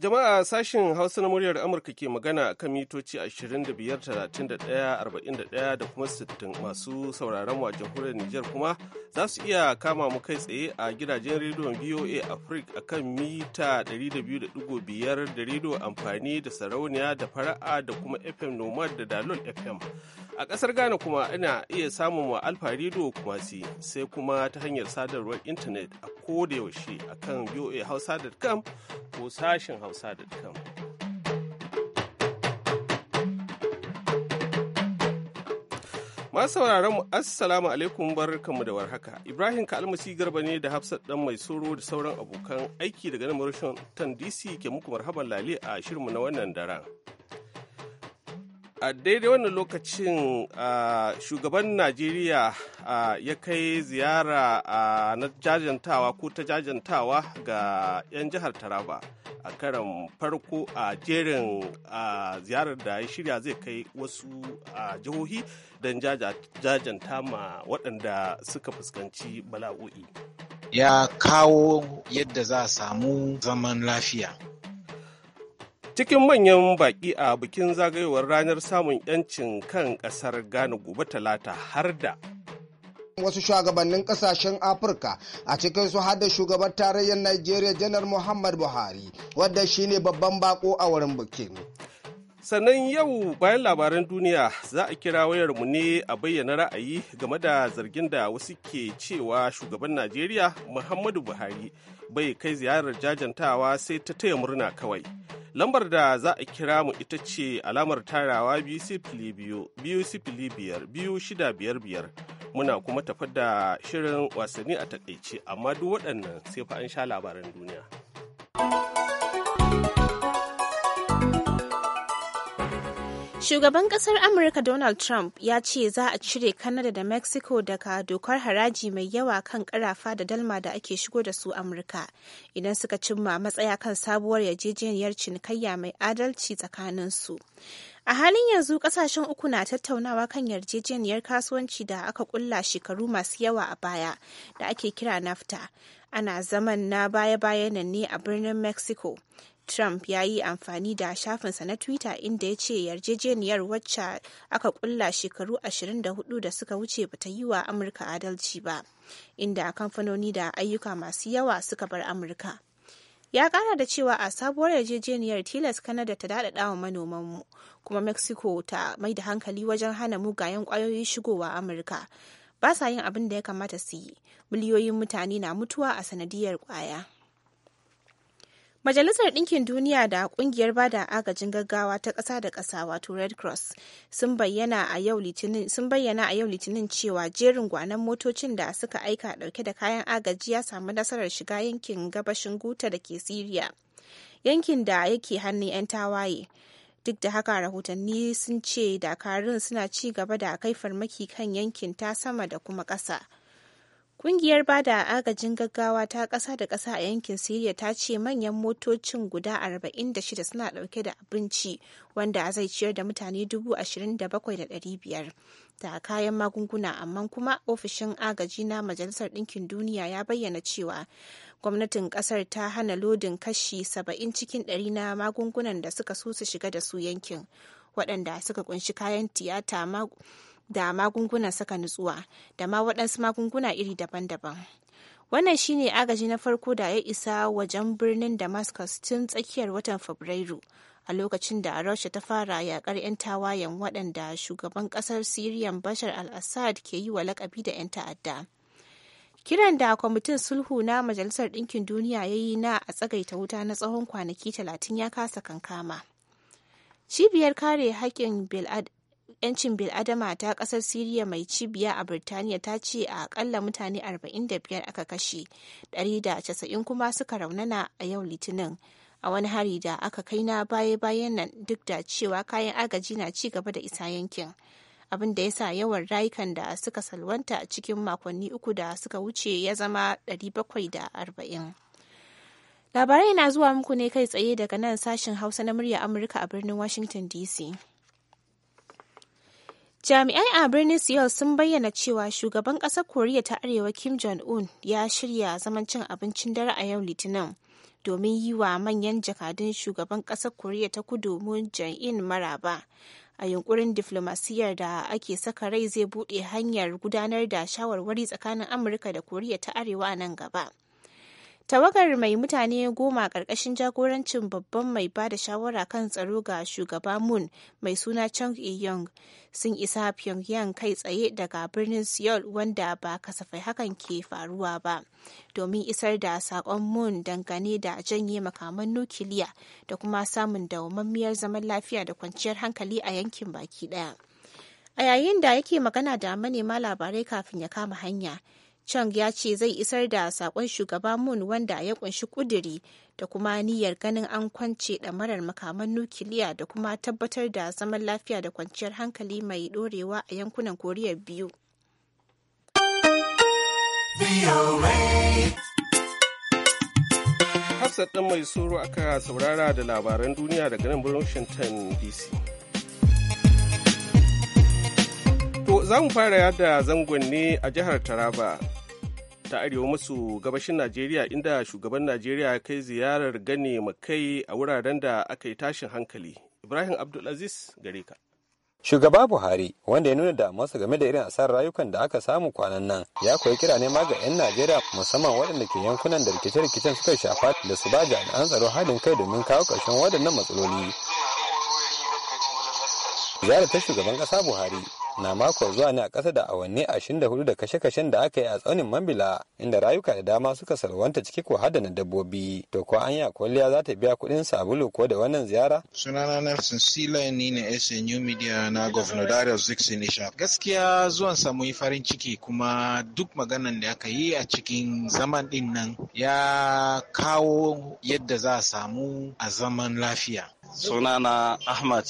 Jama'a sashen Hausa na muryar Amurka ke magana kan mitoci 25,31,41 da kuma 60 masu sauraron wa jamhuriyar Nijar kuma za su iya kama mu kai tsaye a gidajen rediyon VOA Africa a kan mita 200.5 da rediyo amfani da sarauniya da fara'a da kuma FM Nomad da Dalol FM. A ƙasar Ghana kuma ana iya samun wa Alfa Radio Kumasi sai kuma ta hanyar sadarwar intanet a kodayaushe a kan voahausa.com ko sashen hausa.com. Masu sauraron mu assalamu alaikum barkanmu da warhaka. Ibrahim Kalmasi Garba ne da Hafsat dan mai soro da sauran abokan aiki daga nan tan DC ke muku marhaban lale a shirinmu na wannan daren. a daidai wannan lokacin shugaban najeriya ya kai ziyara na jajantawa ko ta jajantawa ga 'yan jihar taraba a karan farko a jerin ziyarar da ya shirya zai kai wasu jihohi don jajanta ma waɗanda suka fuskanci bala'o'i ya kawo yadda za a samu zaman lafiya cikin manyan baƙi a bikin zagayowar ranar samun 'yancin kan ƙasar ghana gobe talata har da wasu shugabannin kasashen afirka a cikin su hada shugaban tarayyar najeriya janar muhammad buhari wadda shine babban bako a wurin bikin sannan yau bayan labaran duniya za a kira wayarmu ne a bayyana ra'ayi game da zargin da wasu ke cewa shugaban najeriya muhammadu buhari bai kai ziyarar jajantawa sai ta taya murna kawai lambar da za a kira mu ita ce alamar tarawa biyu sifili biyu biyu sifili biyar biyu shida biyar biyar muna kuma tafa da shirin wasanni a takaice amma duk waɗannan sai fa an sha labaran duniya. Shugaban kasar Amurka Donald Trump ya ce za a cire Canada da Mexico daga dokar haraji mai yawa kan karafa da dalma da ake shigo da su Amurka idan suka cimma matsaya kan sabuwar yarjejeniyar cinikayya mai adalci tsakaninsu. A halin yanzu kasashen uku na tattaunawa kan yarjejeniyar kasuwanci da aka kulla shekaru masu yawa a baya da ake kira NAFTA. Ana zaman na baya bayanan ne a birnin Mexico. Trump ya yi amfani da shafinsa na Twitter inda ya ce yarjejeniyar wacce aka kulla shekaru 24 da suka wuce ba ta yi wa Amurka adalci ba, inda kamfanoni da ayyuka masu yawa suka bar Amurka. Ya kara da cewa a sabuwar yarjejeniyar tilas Canada ta daɗaɗa wa manomanmu, kuma Mexico ta mai da hankali wajen hana mugayen ƙwayoyi shigowa Amurka. Ba sa yin abin da ya kamata su yi, miliyoyin mutane na mutuwa a sanadiyar ƙwaya. Majalisar Ɗinkin Duniya da ƙungiyar bada agajin gaggawa ta ƙasa da ƙasa wato Red Cross sun bayyana a yau Litinin cewa jerin gwanan motocin da suka aika ɗauke da kayan agaji ya samu nasarar shiga yankin gabashin Guta da ke Siriya, yankin da yake hannun 'yan tawaye. Duk da haka rahotanni sun ce dakarun suna ci gaba da kai farmaki kan yankin ta sama da kuma ƙasa. Kungiyar bada agajin gaggawa ta ƙasa da ƙasa a yankin Siriya ta ce manyan motocin guda 46 suna ɗauke da abinci wanda zai ciyar da mutane 27,500 da kayan magunguna amma kuma ofishin agaji na Majalisar Ɗinkin Duniya ya bayyana cewa gwamnatin ƙasar ta hana lodin kashi 70 cikin 100 na magungunan da suka so su shiga da su yankin waɗanda suka kunshi kayan tiyata da magunguna saka nutsuwa da ma waɗansu magunguna iri daban-daban. Wannan shine agaji na farko da ya isa wajen birnin Damascus tun tsakiyar watan Fabrairu a lokacin da Rasha ta fara yaƙar 'yan tawayen waɗanda shugaban ƙasar Siriyan Bashar al-Assad ke yi wa lakabi da 'yan ta'adda. Kiran da kwamitin sulhu na Majalisar Ɗinkin Duniya ya yi na a tsagaita wuta na tsawon kwanaki talatin ya kasa kankama. Cibiyar kare haƙƙin 'yancin bil'adama ta kasar siriya mai cibiya a birtaniya ta ce a akalla mutane 45 aka kashe 190 kuma suka raunana a yau litinin a wani hari da aka kai na baya-bayan nan duk da cewa kayan agaji na ci gaba da isa yankin abin da ya sa yawan rayukan da suka salwanta cikin makonni uku da suka wuce ya zama 740 labarai na zuwa muku ne kai tsaye daga nan sashen hausa na murya amurka a birnin washington dc Jami'ai a birnin Seoul sun bayyana cewa shugaban ƙasar Koriya ta Arewa Kim Jong-un ya shirya zaman cin abincin dare a yau Litinin domin yi wa manyan jakadun shugaban ƙasar Koriya ta Kudu Moon Jae-in maraba. A yunkurin diflomasiyyar da ake saka rai zai buɗe hanyar gudanar da shawarwari tsakanin Amurka da Koriya ta Arewa nan gaba. Tawagar mai mutane goma ƙarƙashin jagorancin babban mai ba da shawara kan tsaro ga shugaba Moon mai suna Chung e young sun isa Pyongyang kai tsaye daga birnin Seoul wanda ba kasafai hakan ke faruwa ba domin isar da sakon Moon dangane da janye makaman nukiliya da kuma samun miyar zaman lafiya da kwanciyar hankali a yankin baki daya. A yayin da yake magana da manema labarai kafin ya kama hanya, Chang ya ce zai isar da sakon shugaba Moon wanda ya kunshi kuduri da kuma niyyar ganin an kwance ɗamarar makaman nukiliya da kuma tabbatar da zaman lafiya da kwanciyar hankali mai ɗorewa a yankunan Koriya biyu. Hafsat ɗin mai soro aka saurara da labaran duniya daga nan birnin Washington DC. To za mu fara yada zangon ne a jihar Taraba ta arewa masu gabashin najeriya inda shugaban najeriya ya kai ziyarar gane makai a wuraren da aka yi tashin hankali ibrahim abdulaziz gare ka Shugaba Buhari wanda ya nuna damuwarsa game da irin asarar rayukan da aka samu kwanan nan ya koyi kira ne ga 'yan Najeriya musamman waɗanda ke yankunan da rikice-rikicen suka shafa da su ba jami'an tsaro hadin kai domin kawo ƙarshen waɗannan matsaloli. Ziyarar ta shugaban ƙasa Buhari na mako zuwa ne a ƙasa da awanni ashirin da hudu da kashe-kashen da aka yi a tsaunin mambila inda rayuka da dama suka sarwanta ciki ko hada na dabbobi to ko an yi kwalliya za ta biya kuɗin sabulu ko da wannan ziyara. sunana nelson sila ni ne snu media na governor darius zixi nisha gaskiya zuwan sa yi farin ciki kuma duk maganan da aka yi a cikin zaman din nan ya kawo yadda za a samu a zaman lafiya sunana ahmad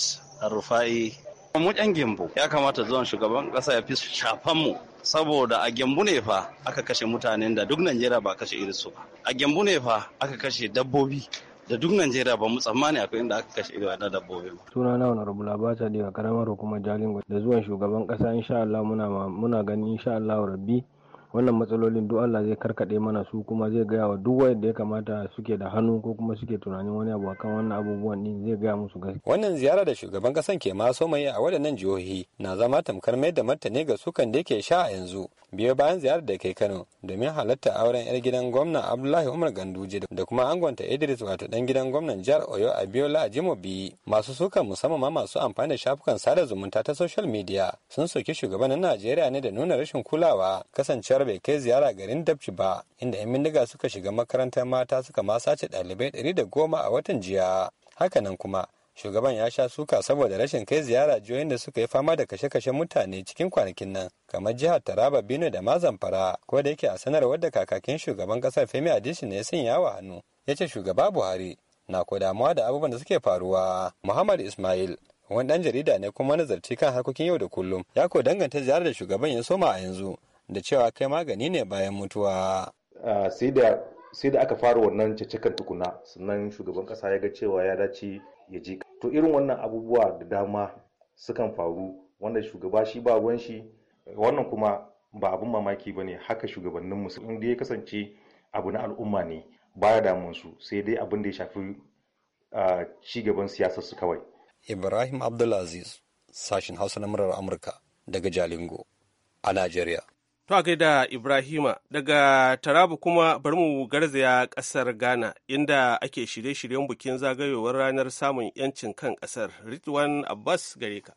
rufai mu yan gembu ya kamata zuwan shugaban kasa ya fi shafan mu saboda a gembu ne fa aka kashe mutanen da duk najeriya ba kashe irin su ba a gembu ne fa aka kashe dabbobi da duk Najeriya ba mu tsammani akwai inda aka kashe irin na dabbobi ba. Suna na wani rubu labata a karamar hukumar Jalingo da zuwan shugaban kasa insha Allah muna muna gani insha Allah rabbi wannan matsalolin duk Allah zai karkade mana su kuma zai gaya wa duk wanda ya kamata suke da hannu ko kuma suke tunanin wani abu akan wannan abubuwan din zai gaya musu gaskiya wannan ziyara da shugaban kasan ke ma so a waɗannan jihohi na zama tamkar mai da martani ga sukan da yake sha a yanzu biyo bayan ziyarar da kai Kano domin halatta auren yar gidan gwamna Abdullahi Umar Ganduje da kuma angonta Idris wato dan gidan gwamnan jihar Oyo Abiola Ajimobi masu sukan musamman ma masu amfani da shafukan sada zumunta ta social media sun soki shugabannin Najeriya ne da nuna rashin kulawa kasancewar bai kai ziyara garin dabci ba inda 'yan bindiga suka shiga makarantar mata suka ma sace ɗalibai ɗari da goma a watan jiya hakanan kuma shugaban ya sha suka saboda rashin kai ziyara jiyoyin da suka yi fama da kashe-kashe mutane cikin kwanakin nan kamar jihar taraba Bino da mazamfara ko da yake a sanarwar da kakakin shugaban kasar femi adishi ne ya sanya wa hannu ya ce shugaba buhari na ko damuwa da abubuwan da suke faruwa muhammad ismail wani dan jarida ne kuma nazarci kan harkokin yau da kullum ya ko danganta ziyarar da shugaban ya soma a yanzu da cewa kai magani ne bayan mutuwa. sai da aka fara wannan cecekan tukuna sannan shugaban kasa ya ga cewa ya dace ya ji to irin wannan abubuwa da dama sukan faru wanda shugaba shi ba ruwan shi wannan kuma ba abin mamaki ba ne haka shugabannin musu in dai ya kasance abu na al'umma ne baya damun su sai dai abin da ya shafi ci gaban siyasar su kawai ibrahim abdulaziz sashin hausa na murar amurka daga jalingo a najeriya To a gaida Ibrahima daga Taraba kuma bari mu garzaya ƙasar Ghana inda ake shirye-shiryen bikin zagayowar ranar samun 'yancin kan ƙasar. Ritwan Abbas gare ka.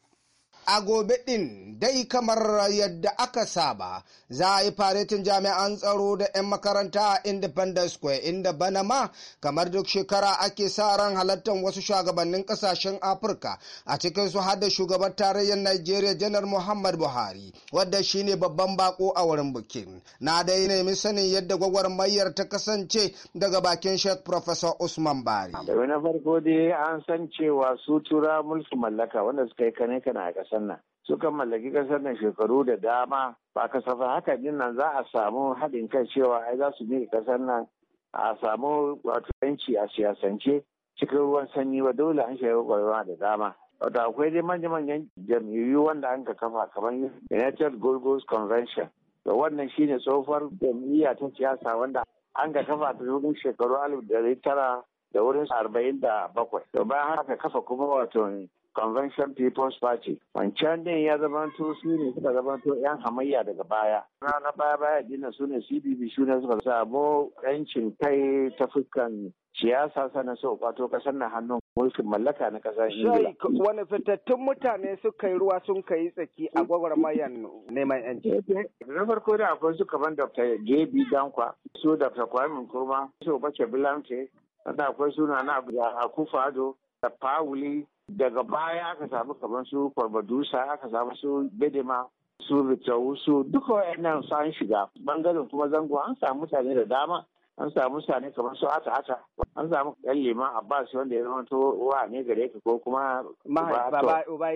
a gobe ɗin dai kamar yadda aka saba za a yi faretin jami'an tsaro da 'yan makaranta a independence square inda bana ma kamar duk shekara ake sa ran halartar wasu shugabannin kasashen afirka a cikin su har shugaban tarayyar nigeria janar muhammad buhari wadda shine babban bako a wurin bikin na dai nemi sanin yadda gwagwarmayar ta kasance daga bakin sheikh professor usman bari da na farko dai an san cewa su tura mulkin mallaka wanda suka yi kane a ƙasa kasar nan suka mallaki kasar nan shekaru da dama ba kasafa haka din nan za a samu haɗin kai cewa ai za su ne kasar nan a samu wato yanci a siyasance cikin ruwan sanyi ba dole an shiga ƙwarewa da dama wato akwai dai manya-manyan jam'iyyu wanda an ka kafa kamar United Gold Convention da wannan shine tsohuwar jam'iyya ta siyasa wanda an ka kafa ta wurin shekaru alif da tara da wurin arba'in da bakwai to bayan haka kafa kuma wato Convention People's Party. Wancan ne ya zama zamanto su ne suka zama zamanto 'yan hamayya daga baya. Na baya-baya dina su ne CBB su ne suka samu 'yancin kai ta fuskan siyasa sana so kwato kasar na hannun mulkin mallaka na kasar ingila wani fitattun mutane suka yi ruwa sun kai tsaki a gwagwarmayan neman yanci eh, eh, na farko da akwai su kaman dr J.B. dankwa su dr kwame nkrumah su bace bilante sannan akwai suna na akufa ado da pauli daga baya aka samu kamar su kwarbadusa aka samu su bedema su rikau su duka wayannan su an shiga bangaren kuma zango an samu mutane da dama an samu mutane kamar su ata ata an samu yan liman abbas wanda ya zama to wa ne gare ka ko kuma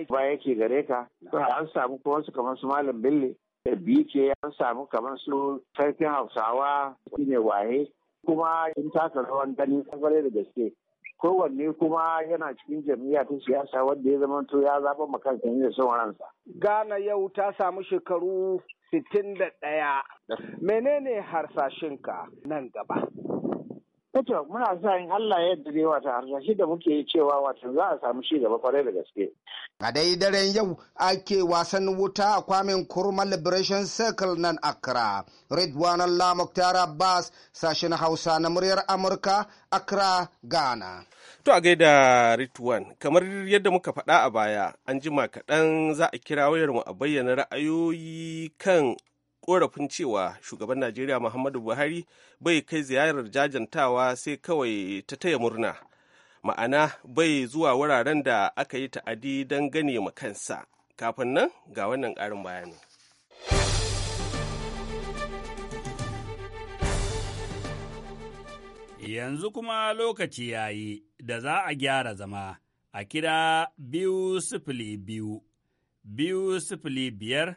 ba yake gare ka an samu kuma su kamar su malam bello da bike an samu kamar su sarkin hausawa shine waye kuma in taka rawan gani kwarai da gaske kowanne kuma yana cikin jami'a ta siyasa wanda ya zama to ya zaɓa makansa ne son ransa. Ghana yau ta samu shekaru 61. da ɗaya. Menene harsashinka nan gaba? Eto muna sa in Allah ya yarda dai wata harsashi da muke cewa wata za a samu shi gaba kwarai da gaske. A dai daren yau ake wasan wuta a kwamin Kurma Liberation Circle nan Accra. Ridwan Allah Muktar Abbas sashen Hausa na muryar Amurka Accra Ghana. To a gaida Ritwan, kamar yadda muka faɗa a baya, an jima kaɗan za a kira wayarmu a bayyana ra'ayoyi kan korafin cewa shugaban najeriya muhammadu buhari bai kai ziyarar jajantawa sai kawai ta taya murna ma'ana bai zuwa wuraren da aka yi ta'adi don gane ma kansa kafin nan ga wannan ƙarin bayani yanzu kuma lokaci ya yi da za a gyara zama a kira biyu sifili biyu biyu sifili biyar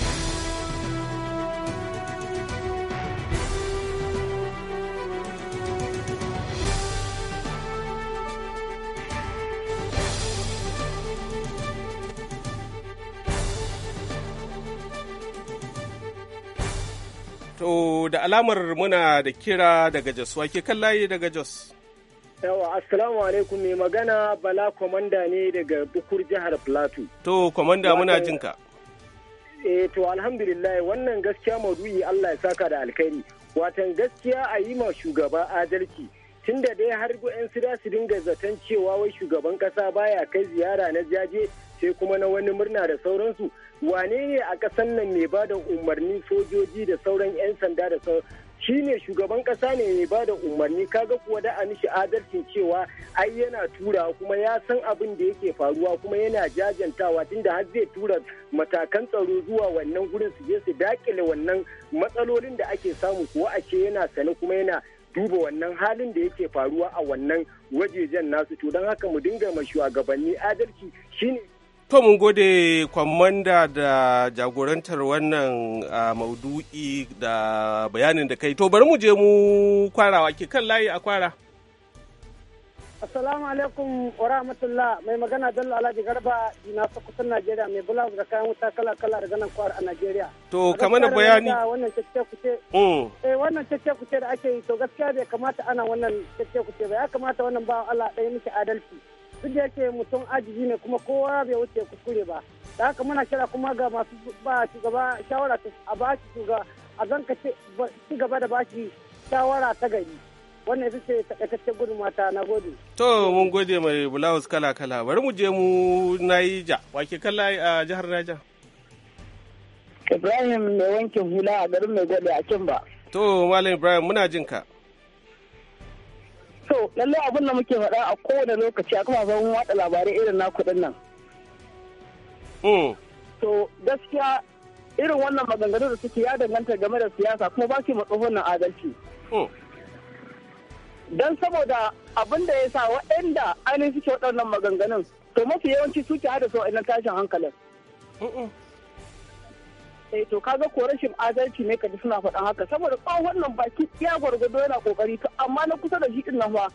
To da alamar muna da kira daga Jos, wa ke kan layi daga Jos. Yawa, Assalamu alaikum mai magana Bala Kwamanda ne daga Bukur jihar Plateau. To, Kwamanda muna jinka. E, to, alhamdulillah wannan gaskiya maudu'i Allah ya saka da alkhairi. Watan gaskiya a yi ma shugaba adalci. Tun da dai har 'yan su dinga zaton cewa wai shugaban kasa baya kai ziyara na jaje sai kuma na wani murna da sauransu wane ne a ƙasan nan mai ba da umarni sojoji da sauran 'yan sanda da shi ne shugaban ƙasa ne mai ba da umarni kaga kuwa da a adalcin cewa ai yana tura kuma ya san abin da yake faruwa kuma yana jajantawa tunda har zai tura matakan tsaro zuwa wannan gurin su je su dakile wannan matsalolin da ake samu kuwa a ce yana sane kuma yana duba wannan halin da yake faruwa a wannan wajejen nasu to don haka mu dinga ma shugabanni adalci shine To mun gode kwamanda da jagorantar wannan maudu'i da bayanin da kai. To bari mu je mu kwarawa ke kan layi a kwara. Assalamu alaikum wa rahmatullah mai magana Bello Alhaji Garba na Sokoto Najeriya mai blouse da kayan wuta kala kala daga nan kwar a Najeriya. To kamar bayani wannan cece kuce. Mm. Eh wannan cece kuce da ake yi to gaskiya bai kamata ana wannan cece kuce ba ya kamata wannan ba Allah ɗaya miki adalci. duk da yake mutum ajiji ne kuma kowa bai wuce kuskure ba da haka muna kira kuma ga masu ba shugaba shawara a ba shi shuga a zanka ci gaba da ba shi shawara ta gari wannan ita ce takaitaccen gudun mata na gode. to mun gode mai bulawus kala kala bari mu je mu naija wake kalla a jihar naija. ibrahim mai wankin hula a garin mai gode a kin ba. to malam ibrahim muna jin ka. To lalle abin da muke faɗa a kowane lokaci a kafafen watsa labarai irin na kuɗin nan. Oh. To gaskiya irin wannan maganganu da suke ya danganta game da siyasa kuma ba su matsofin nan adalci. Oh. Don saboda abin da ya sa waɗanda ainihin suke waɗannan maganganun to mafi yawanci suke hada su waɗannan tashin hankalin. Oh, sai to kaga ko rashin adalci ne kaji suna faɗan haka saboda ba wannan baki ya gwargwado yana kokari to amma na kusa da shi din nan fa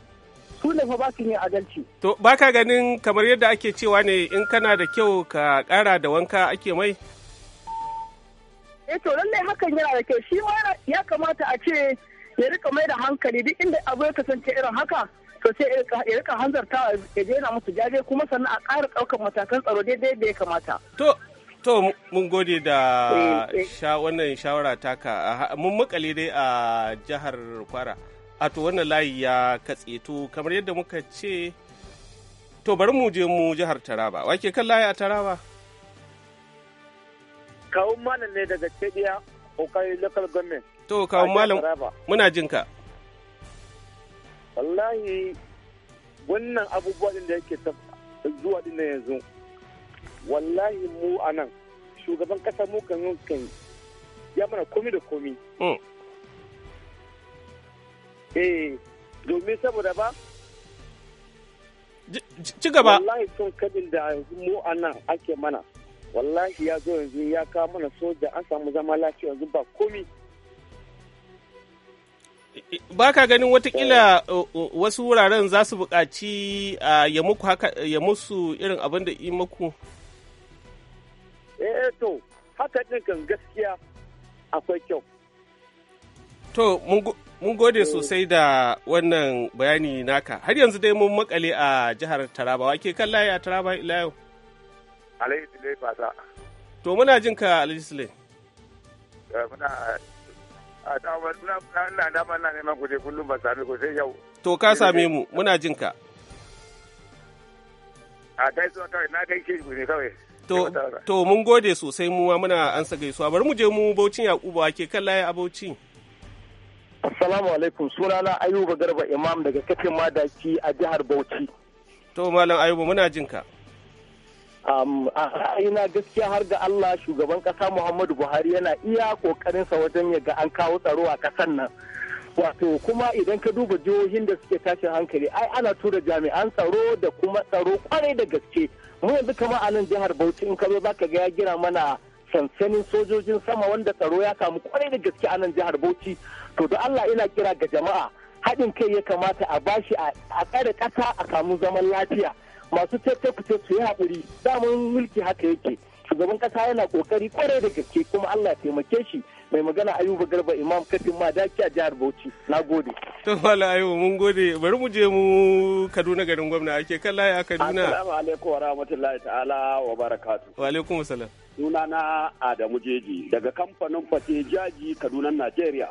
su ne fa ba su yin adalci to baka ganin kamar yadda ake cewa ne in kana da kyau ka ƙara da wanka ake mai eh to lallai hakan yana da kyau shi ma ya kamata a ce ya rika mai da hankali duk inda abu ya kasance irin haka to sai ya rika hanzarta ya jera musu jaje kuma sannan a ƙara ɗaukar matakan tsaro daidai da ya kamata to To mun gode da mm, mm. sha wannan shawara taka mun makale dai a jihar Kwara. A to wannan layi ya katse to kamar yadda muka ce to bari mu je mu jihar Taraba. Wake kan layi a Taraba? Kawun malam ne daga cediya Okari local government. To kawun malam muna jin ka. Wallahi wannan abubuwa da yake zuwa din yanzu. wallahi mu a nan shugaban kasa mu kan kan ya mana komi da komi oh. eh domin saboda ba ci gaba wallahi sun kadin da yanzu mu a nan ake mana wallahi ya zo yanzu ya kawo mana soja an samu zama lafiya yanzu ba komi ba ka ganin watakila eh. wasu wuraren za su buƙaci ya muku haka musu irin abin da yi eh to haka din kan gaskiya akwai kyau to mun gode eh. sosai da wannan bayani naka har yanzu dai mun makale a jihar taraba wake kan layi a taraba ila yau alhaji to muna jin ka alhaji eh, muna a da, na dama na neman ku kullum ba sami ku sai yau to ka same mu muna jin ka a gaisuwa kawai na gaishe ku ne kawai To, to mun gode sosai mu muna ansa gaisuwa bari mu je mu Baucin Yakubu ake kan laye a Assalamu alaikum sunana Ayuba Garba Imam daga kafin madaki a jihar Bauchi. To Malam Ayuba muna jin ka. Um, a ra'ayina gaskiya har ga Allah shugaban kasa Muhammadu Buhari yana iya kokarinsa wajen ya ga an kawo tsaro a kasan nan. wato kuma idan ka duba jihohin da suke tashin hankali ai ana tura jami'an tsaro da kuma tsaro kwarai da gaske mu yanzu kamar a nan jihar bauchi in ka zo zaka ga ya gina mana sansanin sojojin sama wanda tsaro ya kamu kwarai da gaske a nan jihar bauchi to da allah ina kira ga jama'a haɗin kai ya kamata a bashi a tsare ƙasa a kamu zaman lafiya masu tattakuce su yi haƙuri damun mulki haka yake shugaban ƙasa yana ƙoƙari kwarai da gaske kuma allah ya taimake shi mai magana ayuba garba imam katin ma daki a jihar bauchi na gode to wala ayuba mun gode bari mu je mu kaduna garin gwamna ake kan layi a kaduna assalamu alaikum wa rahmatullahi ta'ala wa barakatu wa alaikum assalam suna na adamu jeji daga kamfanin fate jaji kaduna Nigeria.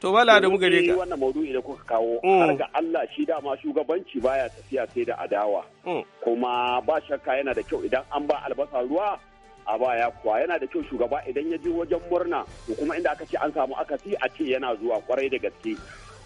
to wala adamu gare ka wannan maudu'i da kuka kawo mm. har ga Allah shi dama shugabanci baya tafiya sai da adawa mm. kuma ba shakka yana da kyau idan an ba albasa ruwa a baya kuwa yana da kyau shugaba idan ya je wajen murna ko kuma inda aka ce an samu akasi a ce yana zuwa kwarai da gaske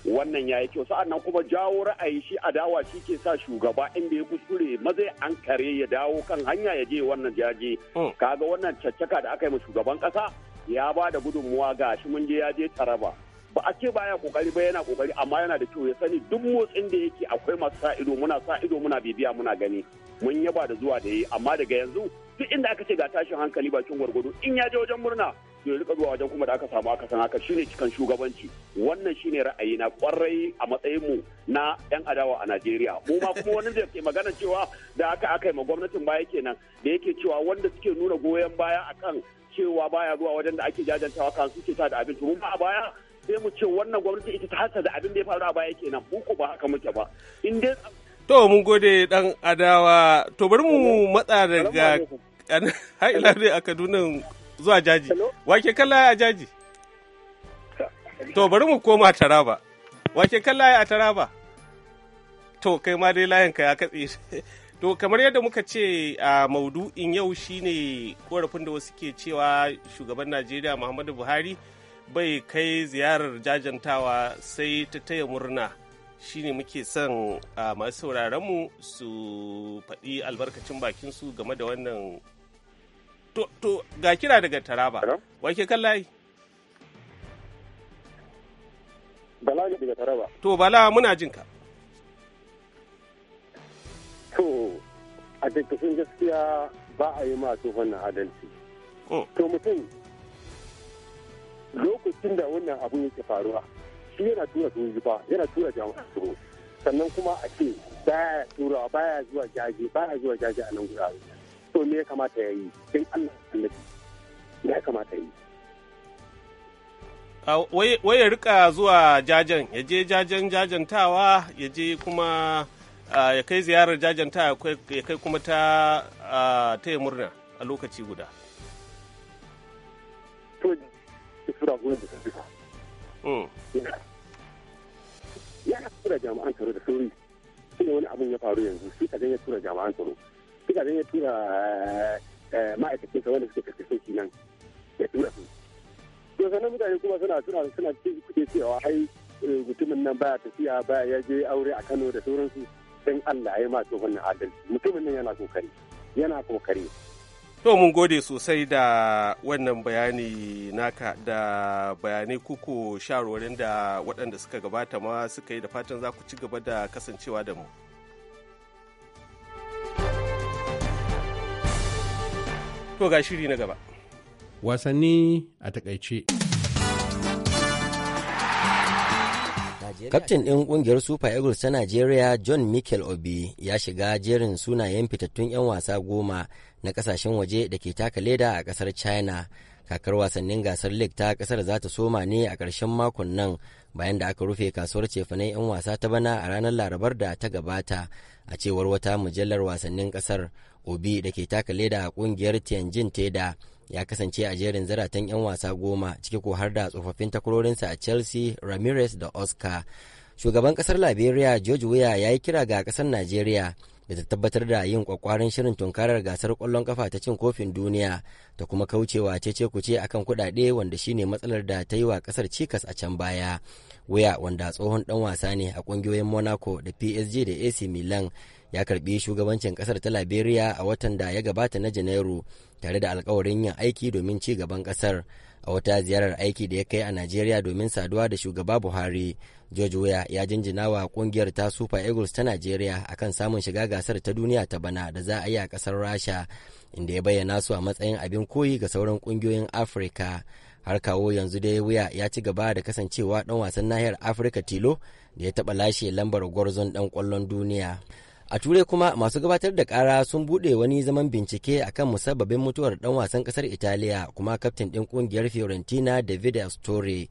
wannan ya yi kyau sa'an nan kuma jawo ra'ayi shi a dawa shi ke sa shugaba inda ya kuskure mazai an kare ya dawo kan hanya ya je wannan jaje hmm. kaga wannan caccaka da aka yi ma shugaban kasa ya ba da gudunmuwa ga shi mun je ya je taraba ba a ce baya kokari ba yana kokari amma yana da kyau ya sani duk motsin da yake akwai masu sa ido muna sa ido muna bibiya muna gani mun yaba da zuwa da yi amma daga yanzu duk inda aka ce ga tashin hankali bakin gwargwado in ya je wajen murna ya rika zuwa wajen kuma da aka samu aka san haka shine cikan shugabanci wannan shine ra'ayi na kwarai a matsayin mu na yan adawa a Najeriya mu ma kuma wani da ke magana cewa da aka aka yi ma gwamnatin baya kenan da yake cewa wanda suke nuna goyon baya akan cewa baya zuwa wajen da ake jajantawa kan suke ta da abinci mu ba a baya sai mu ce wannan gwamnati ita ta hasa da abin da ya faru a baya kenan mu ko ba haka muke ba in dai To mun gode dan adawa to bari mu matsa daga haila ila dai a Kaduna zuwa jaji. Wake kalla a jaji? To bari mu koma Taraba. Wake kalla a Taraba? To kai ma dai layin ka ya katse. To kamar yadda muka ce a maudu'in yau shine korafin da wasu ke cewa shugaban Najeriya Muhammadu Buhari bai kai ziyarar jajantawa sai ta taya murna. shine muke son masu sauraronmu su faɗi albarkacin bakinsu game da wannan to ga kira daga taraba wake layi? bala daga taraba to bala muna jinka to a daikacin gaskiya ba a yi masu wannan adalci oh. to mutum lokacin da wannan abu yake faruwa shi yana tura sojoji ba yana tura jama'a tsoro sannan kuma a ce baya turawa baya zuwa jaji baya zuwa jaje a nan gurare to me ya kamata ya yi don Allah annabi me ya kamata ya yi ah, wai ya rika zuwa jajen ya je jajen jajentawa ya je kuma ah, ya kai ziyarar jajantawa ya kai kuma ta ah, taya murna a lokaci guda. To, ya ka tura jami'an tsaro da sauri shi wani abun ya faru yanzu shi ka ya tura jami'an tsaro shi ka ya tura eh, eh, ma'aikacin sa wanda suke karkashin shi nan ya tura su to sanan mutane kuma suna suna suna cikin cewa ai eh, mutumin nan baya tafiya baya ya je aure a Kano da sauransu dan Allah ya ma tsohon adalci mutumin nan yana kokari yana kokari To mun gode sosai da wannan bayani naka da bayanai kuku shawarwarin da waɗanda suka gabata ma suka yi da fatan za ku ci gaba da kasancewa da mu. To ga shiri na gaba. Wasanni a takaice. Kaftin ɗin ƙungiyar Super Eagles ta Najeriya John michael Obi ya shiga jerin sunayen fitattun 'yan wasa goma na kasashen waje da ke taka leda a kasar china kakar wasannin gasar league ta kasar za ta soma ne a ƙarshen makon nan bayan da aka rufe kasuwar cefanen 'yan wasa ta bana a ranar larabar da ta gabata a cewar wata mujallar wasannin kasar obi da ke taka leda a kungiyar tianjin teda ya kasance a jerin zaratan 'yan wasa goma ciki ko har da tsofaffin takwarorinsa a chelsea ramirez da oscar shugaban kasar liberia george weah ya yi kira ga kasar Najeriya. da ta tabbatar da yin kwakwarin shirin tunkarar gasar kwallon kafa ta cin kofin duniya ta kuma kaucewa cece kuce akan kudade wanda shine matsalar da ta yi wa kasar cikas a can baya wuya wanda tsohon dan wasa ne a kungiyoyin monaco da psg da ac milan ya karbi shugabancin kasar ta liberia a watan da ya gabata na janairu tare da alkawarin yin aiki domin ci gaban kasar a wata ziyarar aiki da ya kai a najeriya domin saduwa da shugaba buhari George Weah ya jinjina wa kungiyar ta Super Eagles ta Najeriya akan samun shiga gasar ta duniya ta bana da za a yi a kasar Rasha inda ya bayyana su a matsayin abin koyi ga sauran kungiyoyin Afirka. Har kawo yanzu dai wuya ya ci gaba da kasancewa dan wasan nahiyar Afirka tilo da ya taɓa lashe lambar gwarzon dan kwallon duniya. a turai kuma masu gabatar da kara sun bude wani zaman bincike akan musabbabin mutuwar dan wasan kasar italiya kuma kaftin din kungiyar fiorentina david astori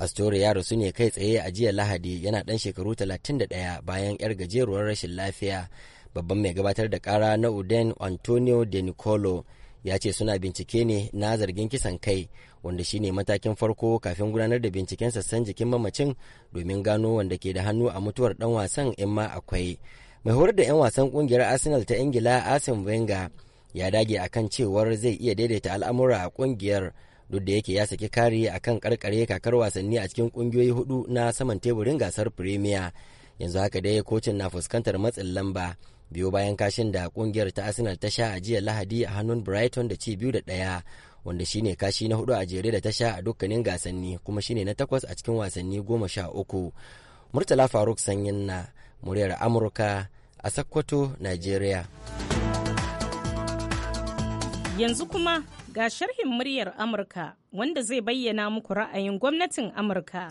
Astore ya rasu ne kai tsaye a jiya Lahadi yana dan shekaru 31 bayan 'yar gajeruwar rashin lafiya. Babban mai gabatar da kara na Uden Antonio De Nicolo ya ce suna bincike ne na zargin kisan kai wanda shine matakin farko kafin gudanar da binciken sassan jikin mamacin domin gano wanda ke da hannu a mutuwar dan wasan in ma akwai. Mai horar da 'yan wasan kungiyar Arsenal ta Ingila Arsene Wenger ya dage akan cewar zai iya daidaita al'amura a kungiyar duk da yake ya saki kari a kan karkare kakar wasanni a cikin kungiyoyi hudu na saman teburin gasar premier yanzu haka dai kocin na fuskantar matsin lamba biyo bayan kashin da kungiyar ta arsenal ta sha a jiya lahadi a hannun brighton da ci biyu da ɗaya wanda shine kashi na hudu a jere da ta sha a dukkanin gasanni kuma shine na takwas a cikin wasanni goma sha uku murtala faruk sanyin na muryar amurka a sakkwato nigeria yanzu kuma Ga sharhin muryar Amurka wanda zai bayyana muku ra'ayin gwamnatin Amurka.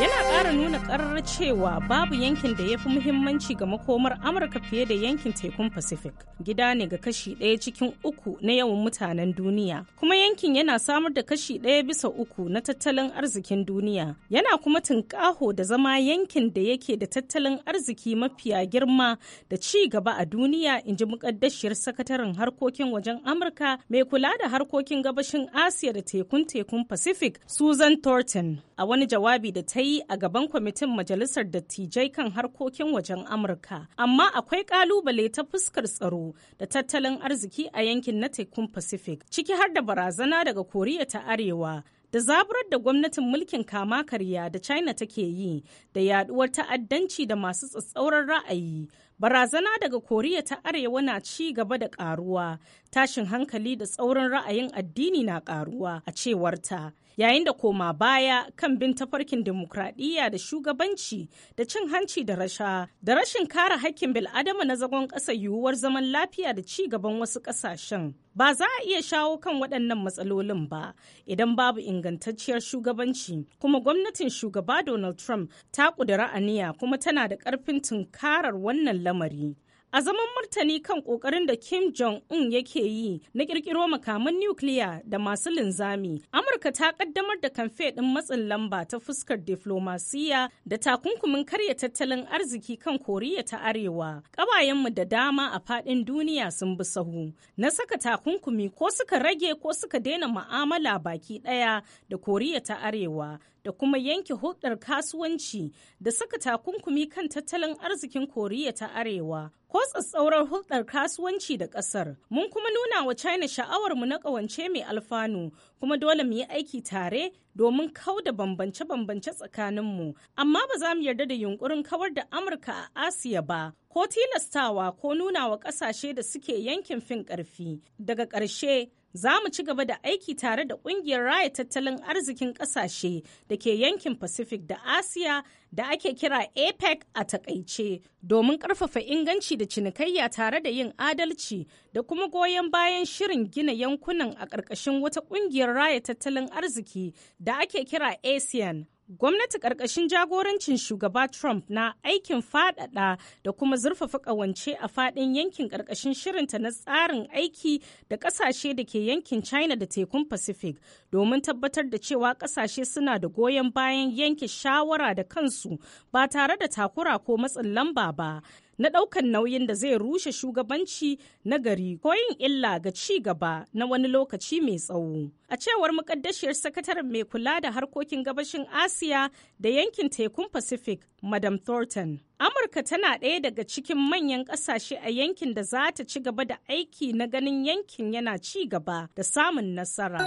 yana ƙara nuna ƙarar cewa babu yankin da ya fi muhimmanci ga makomar amurka fiye da yankin tekun pacific gida ne ga kashi ɗaya cikin uku na yawan mutanen duniya kuma yankin yana samar da kashi ɗaya bisa uku na tattalin arzikin duniya yana kuma tunƙaho da zama yankin da yake da tattalin arziki mafiya girma da ci gaba a duniya in ji muƙaddashiyar sakataren harkokin wajen amurka mai kula da harkokin gabashin asiya da tekun tekun pacific susan thornton a wani jawabi da ta yi a gaban kwamitin Majalisar Dattijai kan harkokin wajen Amurka, amma akwai ƙalubale ta fuskar tsaro da tattalin arziki a yankin na tekun Pacific, ciki har da barazana daga Koriya ta Arewa. da zaburar da gwamnatin mulkin kama karya da china take yi da yaduwar ta'addanci da masu tsatsauran ra'ayi barazana daga koriya ta arewa na ci gaba da karuwa tashin hankali da tsaurin ra'ayin addini na karuwa a cewarta yayin da koma baya kan bin tafarkin dimokuraɗiyya da shugabanci da cin hanci da rasha da rashin kare hakkin bil'adama na zagon ƙasa yiwuwar zaman lafiya da ci gaban wasu ƙasashen. Ba za a iya shawo kan waɗannan matsalolin ba idan babu ingantacciyar shugabanci kuma gwamnatin shugaba Donald Trump ta kudura aniya kuma tana da ƙarfin tunkarar wannan lamari. A zaman martani kan ƙoƙarin da Kim Jong-un yake yi na ƙirƙiro makaman nukiliya da masu linzami, Amurka ta ƙaddamar da kamfe ɗin matsin lamba ta fuskar diflomasiya da takunkumin karya tattalin arziki kan Koriya ta Arewa. Ƙawayenmu da dama a faɗin duniya sun bi sahu na saka takunkumi ko suka rage ko suka daina ma'amala baki ɗaya da Koriya ta Arewa da kuma yanke hulɗar kasuwanci da saka takunkumi kan tattalin arzikin koriya ta arewa ko tsatsauran hulɗar kasuwanci da ƙasar mun kuma nuna wa china sha'awarmu na ƙawance mai alfanu kuma dole mu yi aiki tare domin kau da bambance-bambance tsakaninmu amma ba za mu yarda da yunkurin kawar da amurka a asiya ba ko tilastawa ko nuna wa ƙasashe da suke yankin fin ƙarfi daga ƙarshe za mu ci gaba da aiki tare da kungiyar raya tattalin arzikin ƙasashe da ke yankin pacific da asiya da ake kira apec a e takaice domin ƙarfafa inganci da cinikayya tare da yin adalci da kuma goyon bayan shirin gina yankunan a ƙarƙashin wata ƙungiyar raya tattalin arziki da ake kira asean Gwamnati ƙarƙashin jagorancin shugaba Trump na aikin faɗaɗa da kuma zurfafa ƙawance a faɗin yankin ƙarƙashin shirinta na tsarin aiki da ƙasashe da ke yankin China da tekun Pacific domin tabbatar da cewa ƙasashe suna da goyon bayan yanke shawara da kansu ba tare da takura ko matsin lamba ba. na ɗaukan nauyin da zai rushe shugabanci na gari ko yin illa ga ci gaba na wani lokaci mai tsawo. A cewar mukaddashiyar sakataren mai kula da harkokin gabashin Asiya da yankin tekun Pacific, Madam Thornton. Amurka tana ɗaya daga cikin manyan ƙasashe a yankin da za ta ci gaba da aiki na ganin yankin yana ci gaba da samun nasara.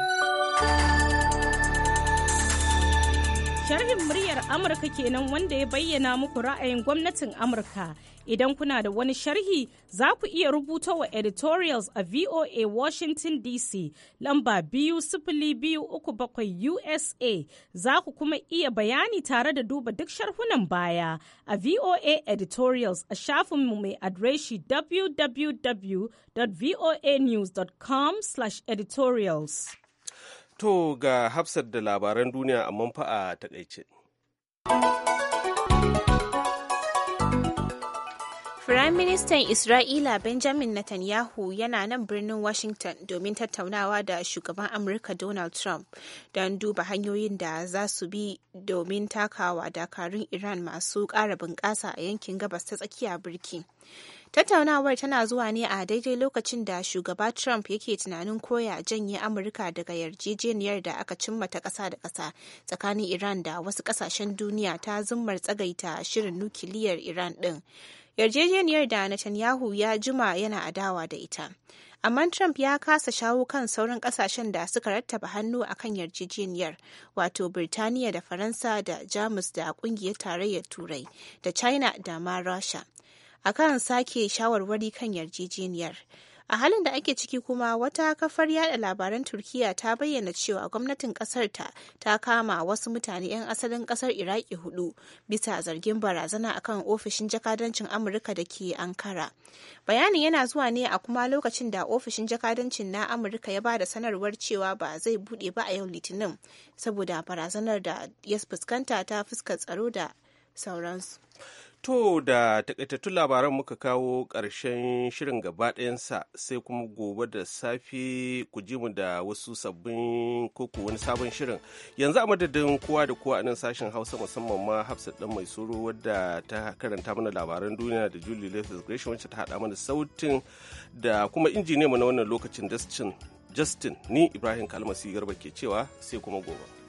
Sharhin muryar Amurka kenan wanda ya bayyana muku ra'ayin gwamnatin Amurka. Idan kuna da wani sharhi za ku iya rubuta wa editorials a VOA Washington DC lamba biyu sifili biyu uku bakwai USA za ku kuma iya bayani tare da duba duk sharhunan baya a VOA editorials a shafinmu mai adreshi www.voanews.com/editorials. To ga hafsar da labaran duniya amma fa a takaice. Firayim Ministan Isra'ila Benjamin Netanyahu yana nan birnin Washington domin tattaunawa da shugaban Amurka Donald Trump don duba hanyoyin da za su bi domin takawa dakarun Iran masu ƙara bunƙasa a yankin gabas ta tsakiya birki. Tattaunawar tana zuwa ne a daidai lokacin da shugaba Trump yake tunanin koya janye Amurka daga yarjejeniyar da aka cimma ta ƙasa da ƙasa tsakanin Iran da wasu ƙasashen duniya ta zumar tsagaita shirin nukiliyar Iran ɗin. yarjejeniyar da Netanyahu ya jima yana adawa da ita. Amma Trump ya kasa shawo kan sauran kasashen da suka rattaba hannu a kan yarjejeniyar, wato Birtaniya da Faransa da Jamus da kungiyar tarayyar Turai da China da ma Rasha. A kan sake shawarwari kan yarjejeniyar. a halin da ake ciki kuma wata kafar yada labaran turkiya ta bayyana cewa gwamnatin kasar ta ta kama wasu mutane 'yan asalin kasar iraki hudu bisa zargin barazana akan ofishin jakadancin amurka da ke ankara bayanin yana zuwa ne a kuma lokacin da ofishin jakadancin na amurka ya ba da sanarwar cewa ba zai bude ba a yau litinin saboda barazanar da ya fuskanta ta fuskar tsaro da sauransu To da takaitattun labaran muka kawo ƙarshen shirin gaba ɗayansa sai kuma gobe da safe ku ji mu da wasu sabbin koko wani sabon shirin. Yanzu a madadin kowa da kowa a nan sashen Hausa musamman ma Hafsat ɗan mai tsoro wadda ta karanta mana labaran duniya da Julie Lefes Gresham wacce ta haɗa mana sautin da kuma injiniya mu na wannan lokacin Justin. Justin ni Ibrahim Kalmasi Garba ke cewa sai kuma gobe.